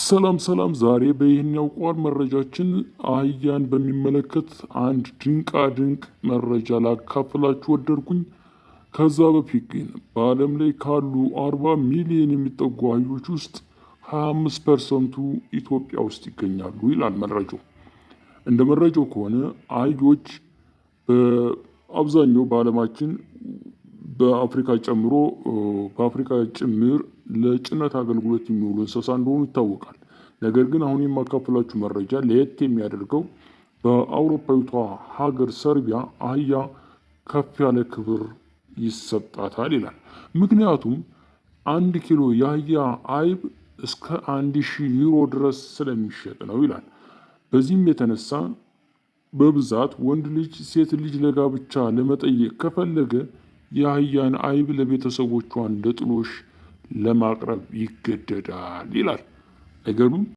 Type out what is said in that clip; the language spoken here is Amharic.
ሰላም ሰላም፣ ዛሬ በይህኛው ቋር መረጃችን አህያን በሚመለከት አንድ ድንቃድንቅ መረጃ ላካፍላችሁ ወደድኩኝ። ከዛ በፊት ግን በዓለም ላይ ካሉ አርባ ሚሊዮን የሚጠጉ አህዮች ውስጥ ሀያ አምስት ፐርሰንቱ ኢትዮጵያ ውስጥ ይገኛሉ ይላል መረጃው። እንደ መረጃው ከሆነ አህዮች በአብዛኛው በዓለማችን በአፍሪካ ጨምሮ በአፍሪካ ጭምር ለጭነት አገልግሎት የሚውሉ እንስሳ እንደሆኑ ይታወቃል። ነገር ግን አሁን የማካፈላችሁ መረጃ ለየት የሚያደርገው በአውሮፓዊቷ ሀገር ሰርቢያ አህያ ከፍ ያለ ክብር ይሰጣታል ይላል። ምክንያቱም አንድ ኪሎ የአህያ አይብ እስከ አንድ ሺህ ዩሮ ድረስ ስለሚሸጥ ነው ይላል። በዚህም የተነሳ በብዛት ወንድ ልጅ ሴት ልጅ ለጋብቻ ለመጠየቅ ከፈለገ የአህያን አይብ ለቤተሰቦቿን ለጥሎሽ ለማቅረብ ይገደዳል ይላል ነገሩ።